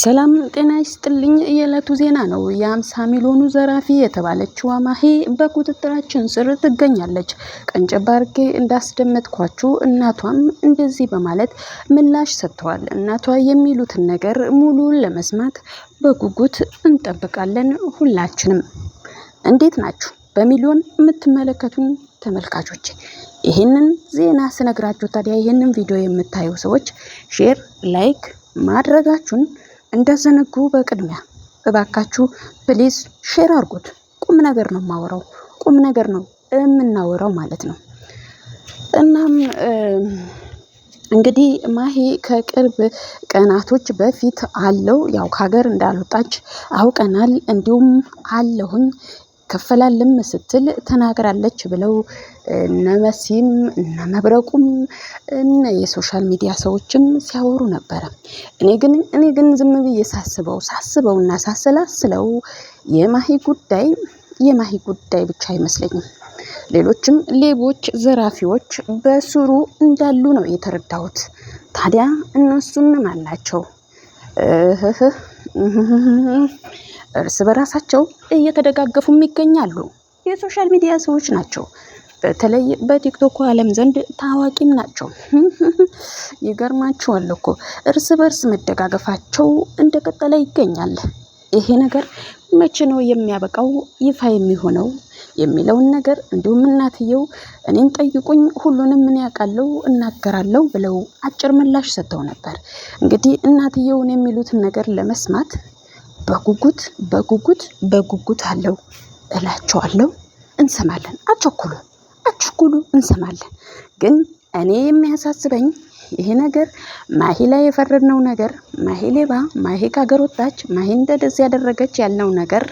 ሰላም ጤና ይስጥልኝ። የዕለቱ ዜና ነው። የአምሳ ሚሊዮኑ ዘራፊ የተባለችው አማሄ በቁጥጥራችን ስር ትገኛለች። ቀንጨባርጌ እንዳስደመጥኳችሁ እናቷም እንደዚህ በማለት ምላሽ ሰጥተዋል። እናቷ የሚሉትን ነገር ሙሉን ለመስማት በጉጉት እንጠብቃለን። ሁላችንም እንዴት ናችሁ? በሚሊዮን የምትመለከቱኝ ተመልካቾች ይህንን ዜና ስነግራችሁ ታዲያ ይህንን ቪዲዮ የምታዩ ሰዎች ሼር፣ ላይክ ማድረጋችሁን እንዳዘነጉ በቅድሚያ እባካችሁ ፕሊዝ ሼር አድርጉት። ቁም ነገር ነው የማወራው፣ ቁም ነገር ነው የምናወራው ማለት ነው። እናም እንግዲህ ማሂ ከቅርብ ቀናቶች በፊት አለው ያው ከሀገር እንዳልወጣች አውቀናል። እንዲሁም አለሁኝ ይከፈላልም ስትል ተናግራለች ብለው እነ መሲም እነ መብረቁም እነ የሶሻል ሚዲያ ሰዎችም ሲያወሩ ነበረ። እኔ ግን እኔ ግን ዝም ብዬ ሳስበው እና ሳሰላስለው የማሂ ጉዳይ የማሂ ጉዳይ ብቻ አይመስለኝም። ሌሎችም ሌቦች፣ ዘራፊዎች በስሩ እንዳሉ ነው የተረዳሁት። ታዲያ እነሱ እነማን እህህ እርስ በራሳቸው እየተደጋገፉም ይገኛሉ። የሶሻል ሚዲያ ሰዎች ናቸው። በተለይ በቲክቶክ ዓለም ዘንድ ታዋቂም ናቸው። ይገርማችኋል እኮ እርስ በርስ መደጋገፋቸው እንደቀጠለ ይገኛል። ይሄ ነገር መቼ ነው የሚያበቃው ይፋ የሚሆነው የሚለውን ነገር እንዲሁም እናትየው እኔን ጠይቁኝ ሁሉንም ምን ያውቃለው እናገራለሁ ብለው አጭር ምላሽ ሰጥተው ነበር። እንግዲህ እናትየውን የሚሉትን ነገር ለመስማት በጉጉት በጉጉት በጉጉት አለው እላቸዋለሁ። እንሰማለን። አቸኩሉ አቸኩሉ እንሰማለን። ግን እኔ የሚያሳስበኝ ይሄ ነገር ማሂ ላይ የፈረድነው ነገር ማሂ ሌባ፣ ማሂ ከሀገር ወጣች፣ ማሂ እንደደስ ያደረገች ያለው ነገር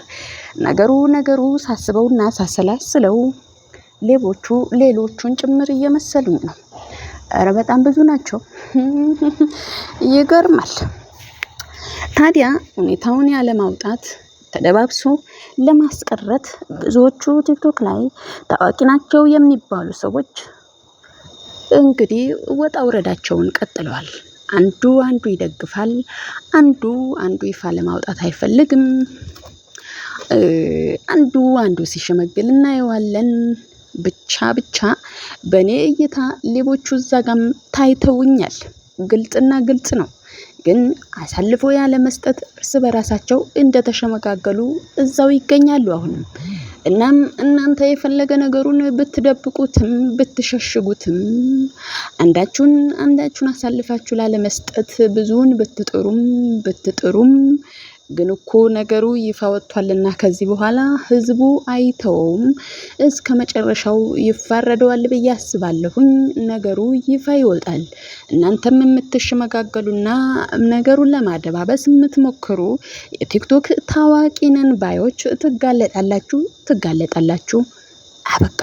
ነገሩ ነገሩ ሳስበውና ሳሰላስለው ሌቦቹ ሌሎቹን ጭምር እየመሰሉኝ ነው። እረ በጣም ብዙ ናቸው። ይገርማል። ታዲያ ሁኔታውን ያለማውጣት ተደባብሶ ለማስቀረት ብዙዎቹ ቲክቶክ ላይ ታዋቂ ናቸው የሚባሉ ሰዎች እንግዲህ ወጣ ውረዳቸውን ቀጥለዋል። አንዱ አንዱ ይደግፋል፣ አንዱ አንዱ ይፋ ለማውጣት አይፈልግም። አንዱ አንዱ ሲሸመግል እናየዋለን። ብቻ ብቻ በእኔ እይታ ሌቦቹ እዛ ጋም ታይተውኛል። ግልጽና ግልጽ ነው። ግን አሳልፎ ያለመስጠት እርስ በራሳቸው እንደተሸመጋገሉ እዛው ይገኛሉ አሁንም። እናም እናንተ የፈለገ ነገሩን ብትደብቁትም ብትሸሽጉትም አንዳችሁን አንዳችሁን አሳልፋችሁ ላለመስጠት ብዙውን ብትጥሩም ብትጥሩም ግን እኮ ነገሩ ይፋ ወጥቷልና ከዚህ በኋላ ህዝቡ አይተውም፣ እስከ መጨረሻው ይፋረደዋል ብዬ አስባለሁኝ። ነገሩ ይፋ ይወጣል። እናንተም የምትሽመጋገሉና ነገሩን ለማደባበስ የምትሞክሩ የቲክቶክ ታዋቂ ነን ባዮች ትጋለጣላችሁ፣ ትጋለጣላችሁ። አበቃ።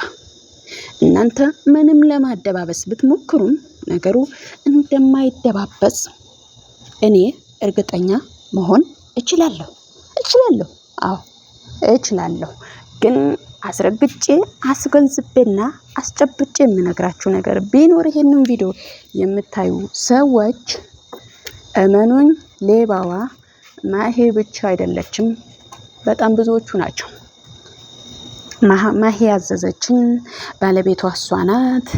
እናንተ ምንም ለማደባበስ ብትሞክሩም ነገሩ እንደማይደባበስ እኔ እርግጠኛ መሆን እችላለሁ እችላለሁ አዎ እችላለሁ። ግን አስረግጬ አስገንዝቤና አስጨብጬ የምነግራችሁ ነገር ቢኖር ይሄንን ቪዲዮ የምታዩ ሰዎች እመኑኝ ሌባዋ ማሄ ብቻ አይደለችም። በጣም ብዙዎቹ ናቸው። ማሂ ያዘዘችኝ ባለቤቷ እሷ ናት፣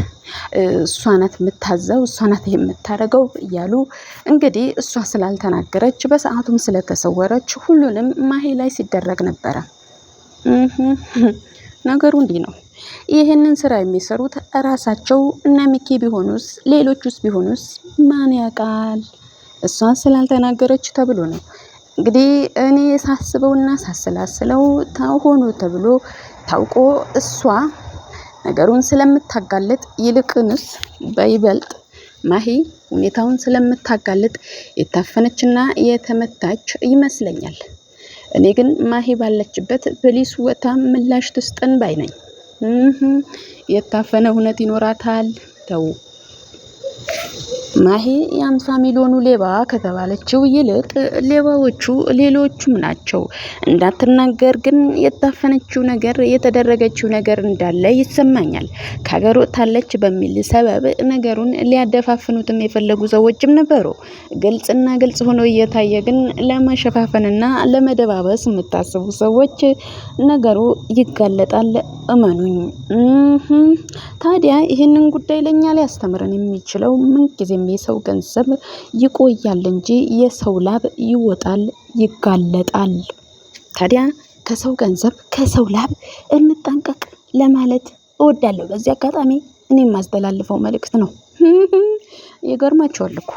እሷ ናት የምታዘው፣ እሷ ናት የምታደርገው እያሉ እንግዲህ እሷ ስላልተናገረች በሰዓቱም ስለተሰወረች ሁሉንም ማሄ ላይ ሲደረግ ነበረ። ነገሩ እንዲህ ነው። ይህንን ስራ የሚሰሩት እራሳቸው እነ ሚኬ ቢሆኑስ ሌሎቹስ ቢሆኑስ ማን ያውቃል? እሷን ስላልተናገረች ተብሎ ነው እንግዲህ እኔ ሳስበውና ሳስላስለው ሆኖ ተብሎ ታውቆ እሷ ነገሩን ስለምታጋልጥ ይልቅንስ በይበልጥ ማሂ ሁኔታውን ስለምታጋልጥ የታፈነችና የተመታች ይመስለኛል። እኔ ግን ማሂ ባለችበት ፖሊስ ወታ ምላሽ ትስጠን ባይ ነኝ። የታፈነ እውነት ይኖራታል። ተው ማሄ የአምሳ ሚሊዮኑ ሌባ ከተባለችው ይልቅ ሌባዎቹ ሌሎቹም ናቸው። እንዳትናገር ግን የታፈነችው ነገር የተደረገችው ነገር እንዳለ ይሰማኛል። ከሀገር ወጥታለች በሚል ሰበብ ነገሩን ሊያደፋፍኑትም የፈለጉ ሰዎችም ነበሩ። ግልጽና ግልጽ ሆኖ እየታየ ግን ለመሸፋፈንና ለመደባበስ የምታስቡ ሰዎች ነገሩ ይጋለጣል እመኑኝ። ታዲያ ይህንን ጉዳይ ለእኛ ሊያስተምረን የሚችለው ምንጊዜም የሰው ገንዘብ ይቆያል እንጂ የሰው ላብ ይወጣል፣ ይጋለጣል። ታዲያ ከሰው ገንዘብ ከሰው ላብ እንጠንቀቅ ለማለት እወዳለሁ። በዚህ አጋጣሚ እኔ የማስተላልፈው መልእክት ነው። ይገርማችኋል እኮ